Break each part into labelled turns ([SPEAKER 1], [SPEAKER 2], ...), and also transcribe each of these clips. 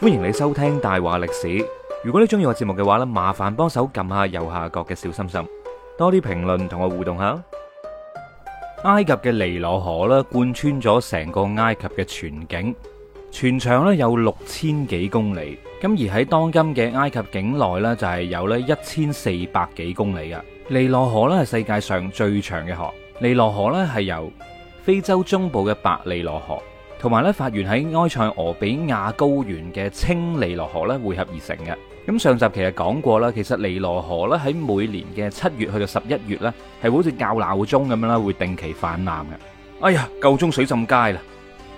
[SPEAKER 1] 歡迎你收聽大話歷史。如果你中意我節目嘅話咧，麻煩幫手撳下右下角嘅小心心，多啲評論同我互動一下。埃及嘅尼羅河啦，貫穿咗成個埃及嘅全景，全長咧有六千幾公里。咁而喺當今嘅埃及境內咧就係有一千四百幾公里嘅尼羅河咧，係世界上最長嘅河。尼羅河咧係由非洲中部嘅白尼羅河。同埋咧，發源喺埃塞俄比亞高原嘅青尼羅河咧匯合而成嘅。咁上集其實講過啦，其實尼羅河咧喺每年嘅七月去到十一月咧，係好似較鬧鐘咁樣啦，會定期泛濫嘅。哎呀，夠鐘水浸街啦！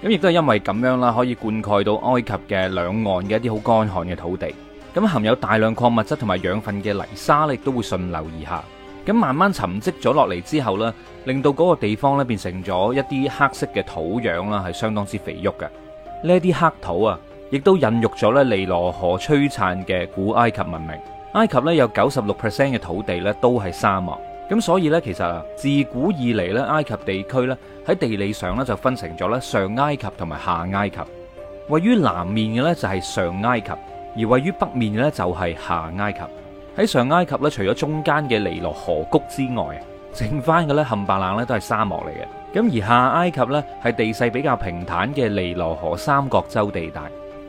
[SPEAKER 1] 咁亦都係因為咁樣啦，可以灌溉到埃及嘅兩岸嘅一啲好乾旱嘅土地。咁含有大量礦物質同埋養分嘅泥沙咧，亦都會順流而下。咁慢慢沉積咗落嚟之後呢，令到嗰個地方呢變成咗一啲黑色嘅土壤啦，係相當之肥沃嘅。呢啲黑土啊，亦都孕育咗呢尼羅河璀璨嘅古埃及文明。埃及呢，有九十六 percent 嘅土地呢都係沙漠，咁所以呢，其實自古以嚟呢，埃及地區呢喺地理上呢就分成咗呢上埃及同埋下埃及。位於南面嘅呢，就係上埃及，而位於北面嘅呢就係下埃及。喺上埃及咧，除咗中間嘅尼羅河谷之外，剩翻嘅咧冚白冷咧都係沙漠嚟嘅。咁而下埃及呢，係地勢比較平坦嘅尼羅河三角洲地帶，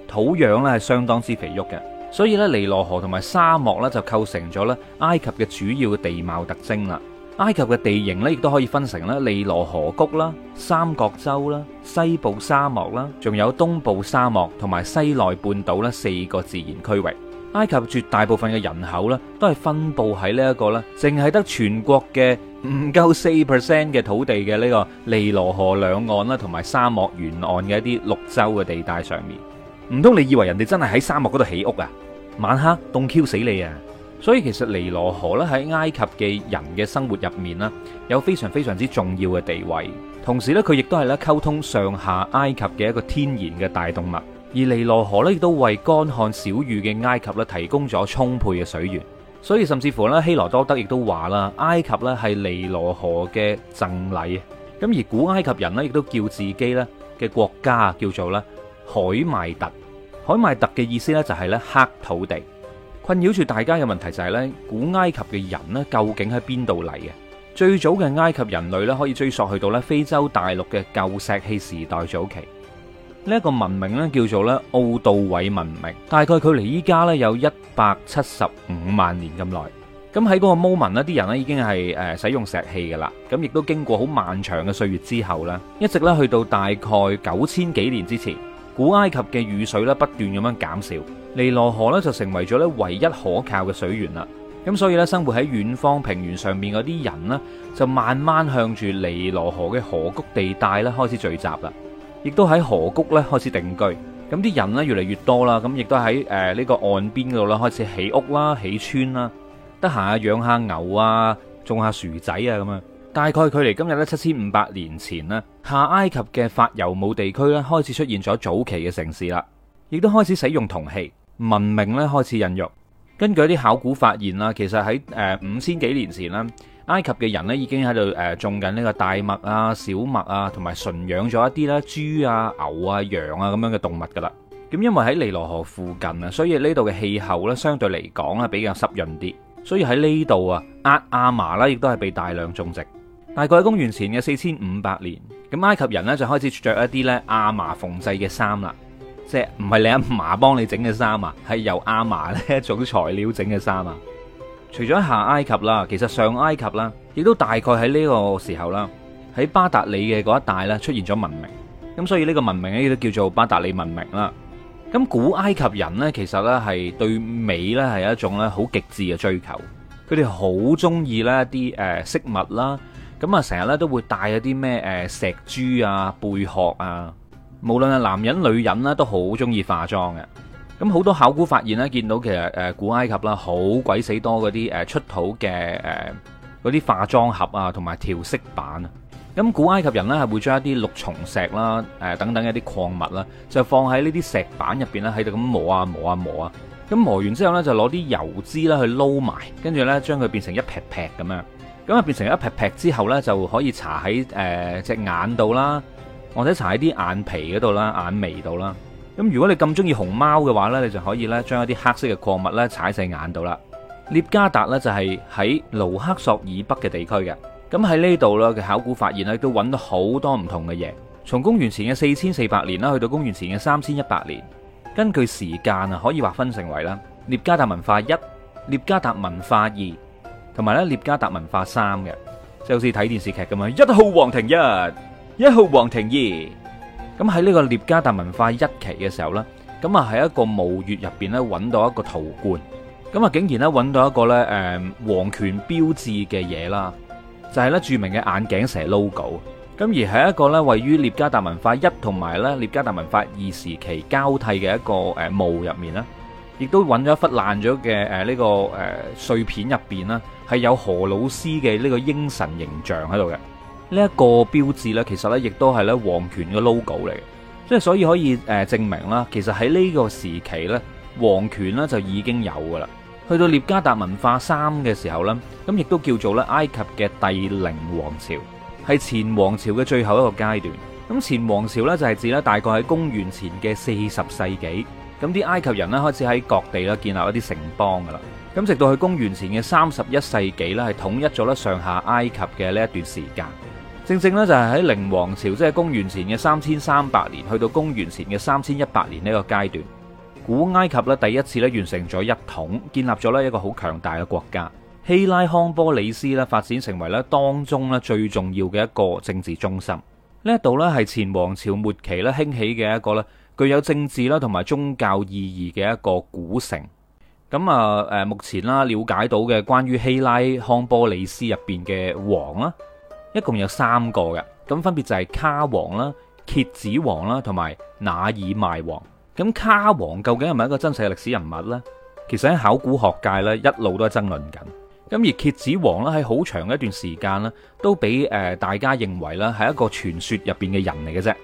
[SPEAKER 1] 土壤咧係相當之肥沃嘅。所以呢，尼羅河同埋沙漠咧就構成咗咧埃及嘅主要嘅地貌特徵啦。埃及嘅地形咧亦都可以分成咧尼羅河谷啦、三角洲啦、西部沙漠啦，仲有東部沙漠同埋西奈半島呢四個自然區域。埃及絕大部分嘅人口咧，都係分布喺呢一個咧，淨係得全國嘅唔夠四 percent 嘅土地嘅呢個尼羅河兩岸啦，同埋沙漠沿岸嘅一啲綠洲嘅地帶上面。唔通你以為人哋真係喺沙漠嗰度起屋啊？晚黑凍 Q 死你啊！所以其實尼羅河咧喺埃及嘅人嘅生活入面啦，有非常非常之重要嘅地位。同時咧，佢亦都係咧溝通上下埃及嘅一個天然嘅大動物。而尼羅河咧亦都為乾旱少雨嘅埃及咧提供咗充沛嘅水源，所以甚至乎咧，希羅多德亦都話啦，埃及咧係尼羅河嘅贈禮。咁而古埃及人呢，亦都叫自己咧嘅國家叫做咧海邁特。海邁特嘅意思咧就係咧黑土地。困擾住大家嘅問題就係、是、咧，古埃及嘅人呢，究竟喺邊度嚟嘅？最早嘅埃及人類咧可以追溯去到咧非洲大陸嘅舊石器時代早期。呢、這、一個文明叫做咧奧杜韋文明，大概距離依家有一百七十五萬年咁耐。咁喺嗰個 moment 咧，啲人已經係使用石器㗎啦。咁亦都經過好漫長嘅歲月之後呢，一直咧去到大概九千幾年之前，古埃及嘅雨水咧不斷咁樣減少，尼羅河呢就成為咗唯一可靠嘅水源啦。咁所以呢，生活喺遠方平原上面嗰啲人呢就慢慢向住尼羅河嘅河谷地帶咧開始聚集啦。亦都喺河谷咧開始定居，咁啲人咧越嚟越多啦，咁亦都喺誒呢個岸邊嗰度啦開始起屋啦、起村啦，得閒啊養下牛啊、種下薯仔啊咁啊。大概距離今日咧七千五百年前啦，下埃及嘅法尤姆地區咧開始出現咗早期嘅城市啦，亦都開始使用銅器，文明咧開始孕育。根據啲考古發現啦，其實喺誒五千幾年前啦。埃及嘅人咧，已經喺度誒種緊呢個大麥啊、小麥啊，同埋馴養咗一啲啦豬啊、牛啊、羊啊咁樣嘅動物噶啦。咁因為喺尼羅河附近啊，所以呢度嘅氣候呢，相對嚟講咧比較濕潤啲，所以喺呢度啊，呃，亞麻啦亦都係被大量種植。大概喺公元前嘅四千五百年，咁埃及人呢，就開始着一啲呢亞麻縫製嘅衫啦，即係唔係你阿媽幫你整嘅衫啊，係由亞麻呢一種材料整嘅衫啊。除咗下埃及啦，其實上埃及啦，亦都大概喺呢個時候啦，喺巴達里嘅嗰一帶咧出現咗文明。咁所以呢個文明咧亦都叫做巴達里文明啦。咁古埃及人呢，其實呢係對美呢係一種呢好極致嘅追求。佢哋好中意呢啲誒飾物啦，咁啊成日呢都會帶一啲咩誒石珠啊、貝殼啊，無論係男人女人呢，都好中意化妝嘅。咁好多考古發現咧，見到其實誒古埃及啦，好鬼死多嗰啲誒出土嘅誒嗰啲化妝盒啊，同埋調色板啊。咁古埃及人咧係會將一啲綠松石啦、誒等等一啲礦物啦，就放喺呢啲石板入邊咧，喺度咁磨啊磨啊磨啊。咁磨完之後咧，就攞啲油脂啦去撈埋，跟住咧將佢變成一撇撇咁樣。咁啊變成一撇撇之後咧，就可以搽喺誒隻眼度啦，或者搽喺啲眼皮嗰度啦、眼眉度啦。咁如果你咁中意熊貓嘅話呢你就可以咧將一啲黑色嘅礦物呢踩晒眼度啦。聶加達呢就係喺盧克索爾北嘅地區嘅。咁喺呢度呢嘅考古發現呢都揾到好多唔同嘅嘢。從公元前嘅四千四百年啦，去到公元前嘅三千一百年。根據時間啊，可以劃分成為啦聶加達文化一、聶加達文化二，同埋咧聶加達文化三嘅，就好似睇電視劇咁樣，一號皇庭一、一號皇庭二。咁喺呢個涅伽達文化一期嘅時候呢，咁啊喺一個墓穴入面呢，揾到一個陶罐，咁啊竟然呢，揾到一個呢誒、呃、王權標誌嘅嘢啦，就係、是、呢著名嘅眼鏡蛇 logo。咁而喺一個呢位於涅伽達文化一同埋呢涅伽達文化二時期交替嘅一個墓入面呢，亦都揾咗一忽爛咗嘅呢個碎片入面呢，係有荷魯斯嘅呢個鷹神形象喺度嘅。呢、這、一個標誌呢，其實呢亦都係咧王權嘅 logo 嚟嘅，即係所以可以誒證明啦。其實喺呢個時期呢，王權呢就已經有噶啦。去到聶加達文化三嘅時候呢，咁亦都叫做咧埃及嘅第零王朝，係前王朝嘅最後一個階段。咁前王朝呢，就係指咧大概喺公元前嘅四十世紀，咁啲埃及人呢，開始喺各地呢建立一啲城邦噶啦。咁直到去公元前嘅三十一世紀呢，係統一咗咧上下埃及嘅呢一段時間。正正咧就係喺零王朝，即係公元前嘅三千三百年，去到公元前嘅三千一百年呢一個階段，古埃及咧第一次咧完成咗一統，建立咗咧一個好強大嘅國家。希拉康波里斯咧發展成為咧當中咧最重要嘅一個政治中心。呢一度咧係前王朝末期咧興起嘅一個咧具有政治啦同埋宗教意義嘅一個古城。咁啊誒目前啦了解到嘅關於希拉康波里斯入邊嘅王一共有三個嘅，咁分別就係卡王啦、蠍子王啦，同埋那爾邁王。咁卡王究竟係咪一個真實嘅歷史人物呢？其實喺考古學界咧，一路都係爭論緊。咁而蠍子王咧喺好長一段時間呢，都俾誒大家認為咧係一個傳說入邊嘅人嚟嘅啫。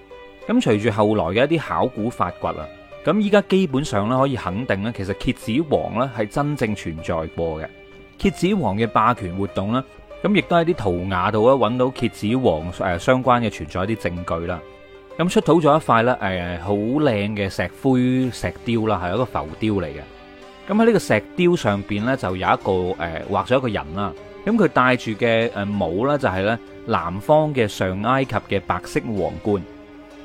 [SPEAKER 1] 咁隨住後來嘅一啲考古發掘啊，咁依家基本上咧可以肯定咧，其實蠍子王咧係真正存在過嘅。蠍子王嘅霸權活動呢。咁亦都喺啲陶瓦度揾到蝎子王相關嘅存在一啲證據啦。咁出土咗一塊咧好靚嘅石灰石雕啦，係一個浮雕嚟嘅。咁喺呢個石雕上面呢，就有一個誒、呃、畫咗一個人啦。咁佢戴住嘅帽呢，就係呢南方嘅上埃及嘅白色皇冠。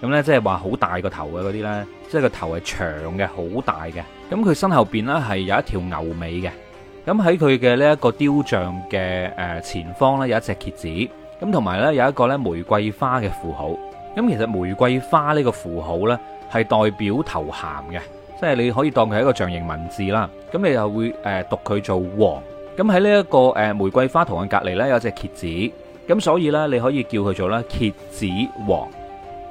[SPEAKER 1] 咁呢，即係話好大個頭嘅嗰啲呢，即係個頭係長嘅，好大嘅。咁佢身後面呢，係有一條牛尾嘅。咁喺佢嘅呢一個雕像嘅前方呢，有一隻蠍子，咁同埋呢有一個玫瑰花嘅符號。咁其實玫瑰花呢個符號呢，係代表頭銜嘅，即係你可以當佢係一個象形文字啦。咁你又會誒讀佢做王。咁喺呢一個玫瑰花圖案隔離呢，有一隻蠍子，咁所以呢，你可以叫佢做咧蠍子王。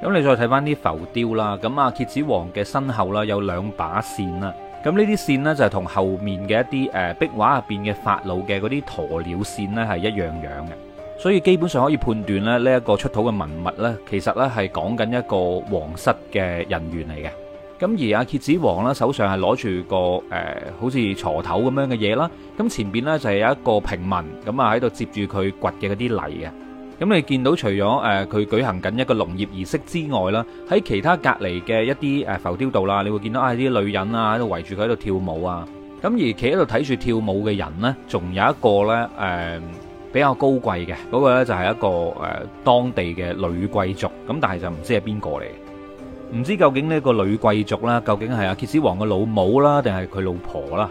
[SPEAKER 1] 咁你再睇翻啲浮雕啦，咁啊蠍子王嘅身後啦有兩把扇啦。咁呢啲線呢，就係同後面嘅一啲壁畫入面嘅法老嘅嗰啲鴕鳥線呢係一樣樣嘅，所以基本上可以判斷咧呢一個出土嘅文物呢，其實呢係講緊一個皇室嘅人員嚟嘅。咁而阿蠍子王呢，手上係攞住個、呃、好似鋤頭咁樣嘅嘢啦，咁前面呢，就係一個平民咁啊喺度接住佢掘嘅嗰啲泥嘅。咁你見到除咗誒佢舉行緊一個農業儀式之外啦，喺其他隔離嘅一啲誒浮雕度啦，你會見到啊啲女人啊喺度圍住佢喺度跳舞啊。咁而企喺度睇住跳舞嘅人咧，仲有一個咧誒比較高貴嘅嗰個咧，就係一個誒當地嘅女貴族。咁但係就唔知係邊個嚟，唔知究竟呢個女貴族啦，究竟係阿蠍子王嘅老母啦，定係佢老婆啦？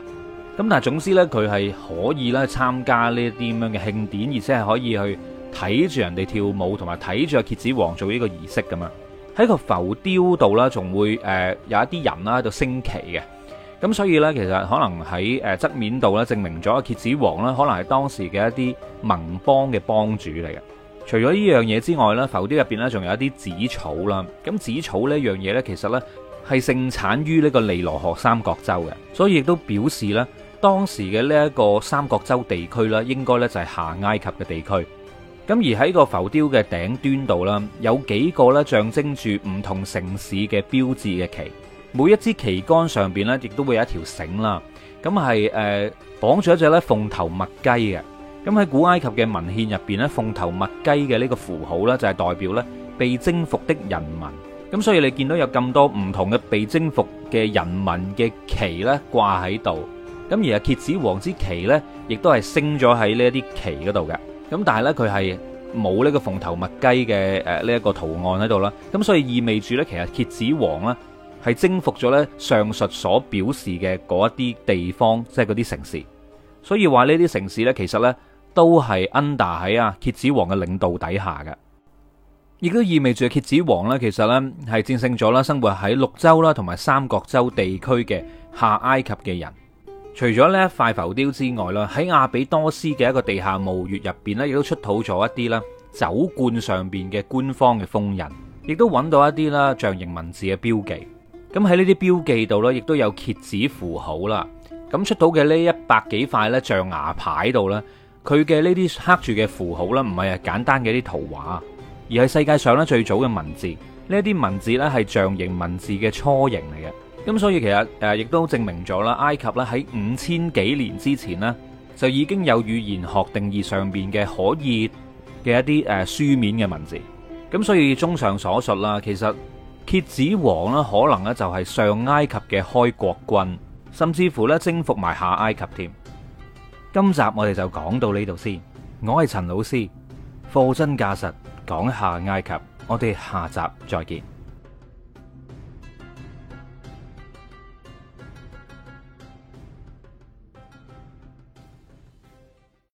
[SPEAKER 1] 咁但係總之咧，佢係可以咧參加呢啲咁樣嘅慶典，而且係可以去睇住人哋跳舞，同埋睇住阿蠍子王做呢個儀式咁樣喺個浮雕度啦，仲會誒有一啲人啦，喺度升旗嘅咁，所以呢，其實可能喺誒側面度呢，證明咗阿蠍子王呢，可能係當時嘅一啲盟邦嘅幫主嚟嘅。除咗呢樣嘢之外呢，浮雕入邊呢，仲有一啲紫草啦。咁紫草呢樣嘢呢，其實呢，係盛產於呢個尼羅河三角洲嘅，所以亦都表示呢，當時嘅呢一個三角洲地區呢，應該呢，就係下埃及嘅地區。咁而喺個浮雕嘅頂端度啦，有幾個咧象徵住唔同城市嘅標誌嘅旗。每一支旗杆上邊咧，亦都會有一條繩啦。咁係誒綁住一隻咧鳳頭麥雞嘅。咁喺古埃及嘅文獻入邊咧，鳳頭麥雞嘅呢個符號咧，就係代表咧被征服的人民。咁所以你見到有咁多唔同嘅被征服嘅人民嘅旗咧掛喺度。咁而阿蠍子王之旗咧，亦都係升咗喺呢一啲旗嗰度嘅。咁但係呢佢係冇呢個鳳頭麥雞嘅誒呢一個圖案喺度啦，咁所以意味住呢，其實蠍子王呢係征服咗呢上述所表示嘅嗰一啲地方，即係嗰啲城市。所以話呢啲城市呢，其實呢都係 under 喺啊蠍子王嘅領導底下嘅，亦都意味住蠍子王呢，其實呢係戰勝咗啦，生活喺綠洲啦同埋三角洲地區嘅下埃及嘅人。除咗呢一塊浮雕之外啦，喺亞比多斯嘅一個地下墓穴入邊咧，亦都出土咗一啲咧酒罐上邊嘅官方嘅封印，亦都揾到一啲啦象形文字嘅標記。咁喺呢啲標記度咧，亦都有蠍子符號啦。咁出土嘅呢一百幾塊咧象牙牌度咧，佢嘅呢啲刻住嘅符號啦，唔係啊簡單嘅一啲圖畫，而係世界上咧最早嘅文字。呢啲文字咧係象形文字嘅雛形嚟嘅。咁所以其實誒，亦都證明咗啦，埃及咧喺五千幾年之前呢，就已經有語言學定義上邊嘅可以嘅一啲誒書面嘅文字。咁所以綜上所述啦，其實蠍子王啦可能呢，就係上埃及嘅開國君，甚至乎呢征服埋下埃及添。今集我哋就講到呢度先，我係陳老師，貨真價實講下埃及，我哋下集再見。